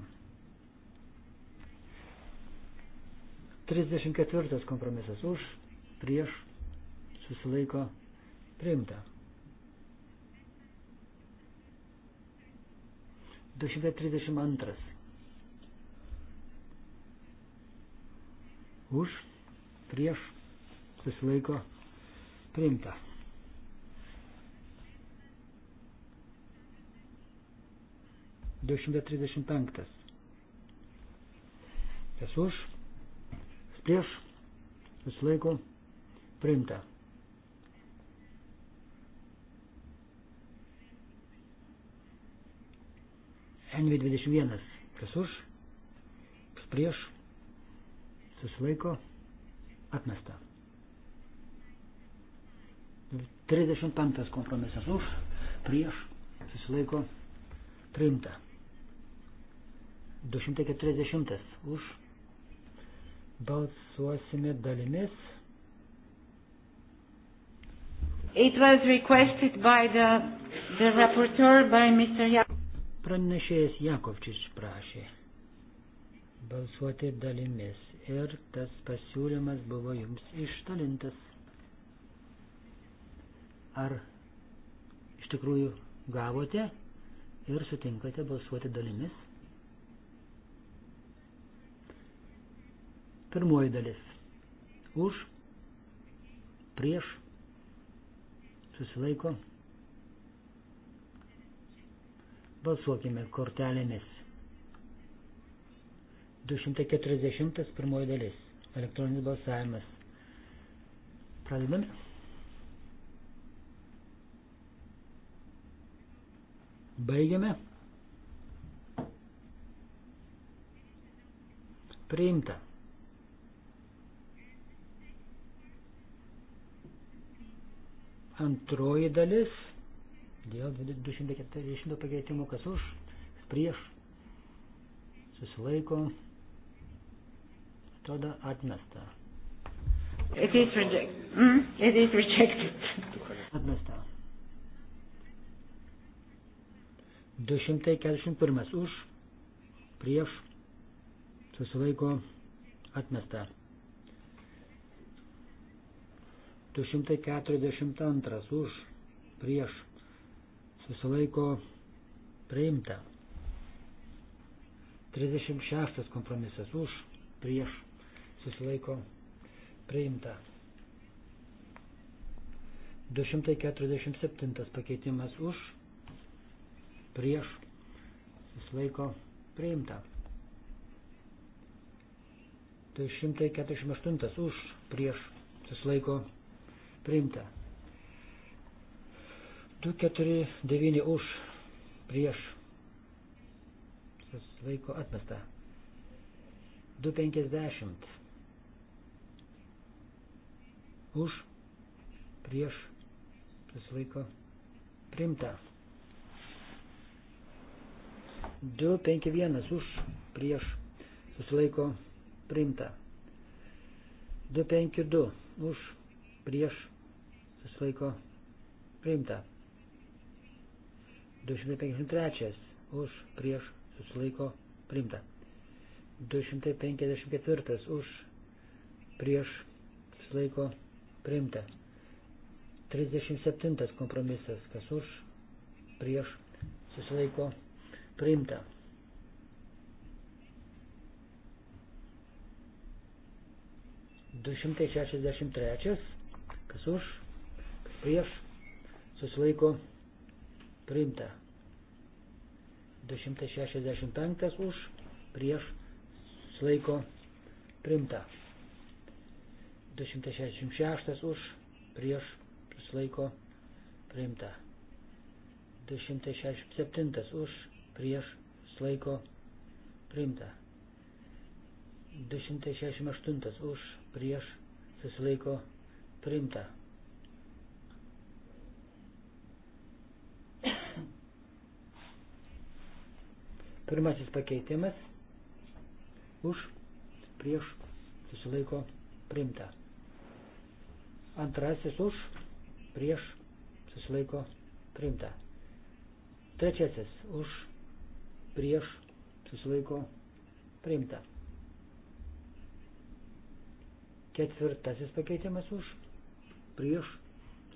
34 kompromisas už prieš susilaiko priimta. 232 už, prieš, susilaiko, priimta. Du šimtai trisdešimt penktas. Kas už, prieš, susilaiko, priimta. 21. Kas už, kas prieš, susilaiko, atmesta. 35 kompromisas už, prieš, susilaiko, priimta. 240 už, balsuosime dalimis. It was requested by the, the rapporteur, by Mr. Jak Pranešėjas Jakovčič prašė balsuoti dalimis ir tas pasiūlymas buvo jums ištalintas. Ar iš tikrųjų gavote ir sutinkate balsuoti dalimis? Pirmoji dalis. Už, prieš, susilaiko. Balsuokime kortelėmis. 240 pirmoji dalis. Elektroninis balsavimas. Pradedame. Baigiame. Priimta. Antroji dalis dėl 240 pakeitimų, kas už, prieš, susilaiko, atrodo atmesta. It is rejected. Mm, it is rejected. Atmesta. 241 už, prieš, susilaiko, atmesta. 242 už, prieš, susilaiko, priimta. 36 kompromisas už, prieš, susilaiko priimta. 247 pakeitimas už, prieš, susilaiko priimta. 248 už, prieš, susilaiko priimta. 249 už, prieš, susilaiko atmesta. 250 už, prieš, susilaiko, primta. 2, 5, 1 už, prieš, susilaiko, primta. 2, 5, 2 už, prieš, susilaiko, primta. 253 už, prieš, susilaiko, primta. 254 už, prieš, susilaiko, primta priimta. 37 kompromisas, kas už, prieš, susilaiko, priimta. Du šimtai šešiasdešimt trečias, kas už, kas prieš, susilaiko, priimta. Du šimtai šešiasdešimt penktas už, prieš, susilaiko, priimta. 266 už prieš susilaiko priimta. 267 už prieš susilaiko priimta. 268 už prieš susilaiko priimta. Pirmasis pakeitimas už prieš susilaiko priimta. Antrasis už, prieš, susilaiko, priimta. Trečiasis už, prieš, susilaiko, priimta. Ketvirtasis pakeitimas už, prieš,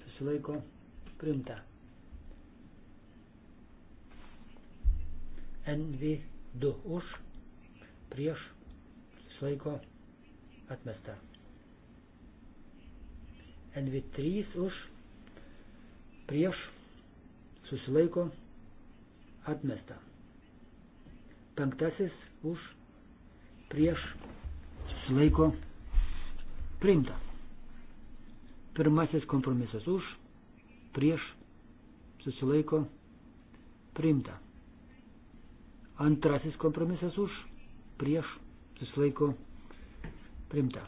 susilaiko, priimta. NV2 už, prieš, susilaiko, atmesta. NV3 už, prieš, susilaiko, atmesta. Penktasis už, prieš, susilaiko, priimta. Pirmasis kompromisas už, prieš, susilaiko, priimta. Antrasis kompromisas už, prieš, susilaiko, priimta.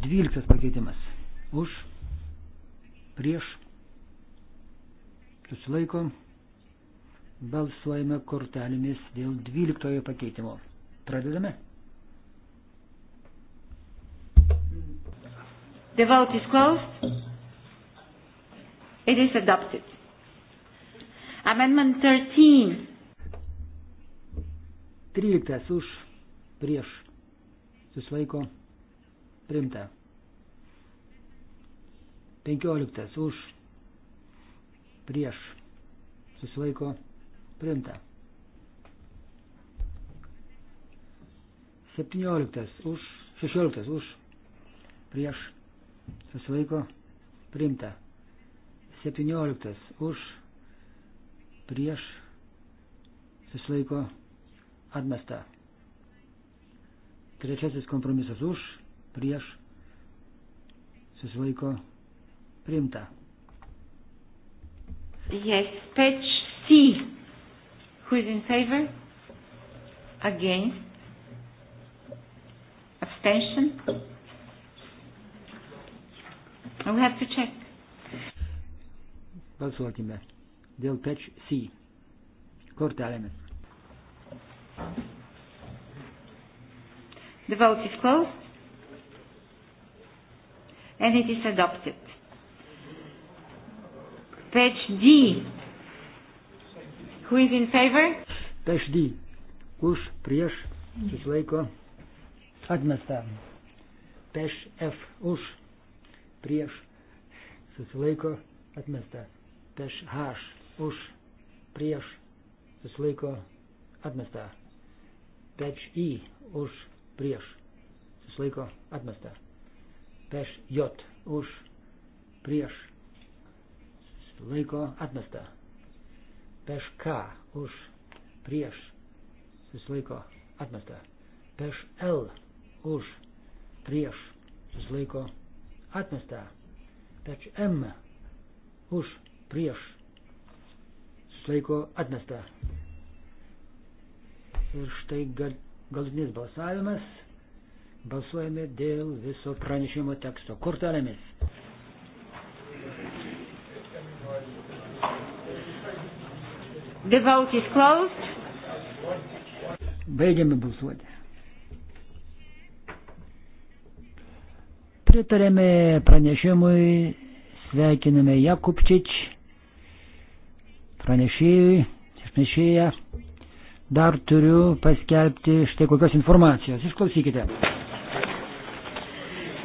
12 pakeitimas. Už, prieš, susilaiko, balsuojame kortelėmis dėl 12 pakeitimo. Pradedame. The vote is closed. It is adopted. Amendment 13. 13 už, prieš, susilaiko, balsuojame primta. 15 už, prieš, susilaiko, primta. 17 už, 16 už, prieš, susilaiko, primta. 17 už, prieš, susilaiko, atmesta. Trečiasis kompromisas už, prieš susilaiko priimta. Yes, page C. Who is in favor? Against? Abstention? We have to check. Balsuokime dėl page C kortelėmis. The vote is closed and it is adopted. Page D. Who is in favor? Page D. Už, prieš, susilaiko, atmesta. Page F. Už, prieš, susilaiko, atmesta. Page H. Už, prieš, susilaiko, atmesta. Page I. Už, prieš, susilaiko, atmesta prieš J už prieš susilaiko atmesta. Prieš K už prieš susilaiko atmesta. Prieš L už prieš susilaiko atmesta. Prieš M už prieš susilaiko atmesta. Ir štai galutinis balsavimas. Balsuojame dėl viso pranešimo teksto. Kortelėmis. The vote is closed. Baigiame balsuoti. Pritarėme pranešimui, sveikiname Jakubčič, pranešėjui, išnešėją. Dar turiu paskelbti štai kokios informacijos. Išklausykite.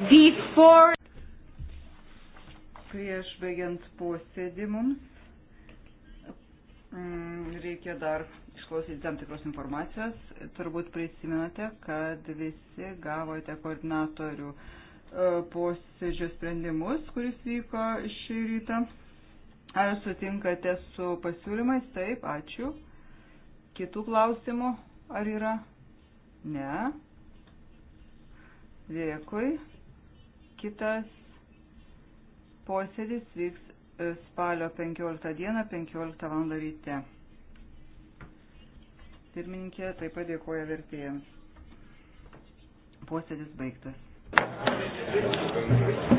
Before... Prieš baigiant posėdį mums mm, reikia dar išklausyti tam tikros informacijos. Turbūt prisimenate, kad visi gavote koordinatorių e, posėdžio sprendimus, kuris vyko šį rytą. Ar sutinkate su pasiūlymais? Taip, ačiū. Kitų klausimų ar yra? Ne. Dėkui. Kitas posėdis vyks e, spalio 15 dieną 15 val. ryte. Pirmininkė taip pat dėkoja vertėjams. Posėdis baigtas. Thank you.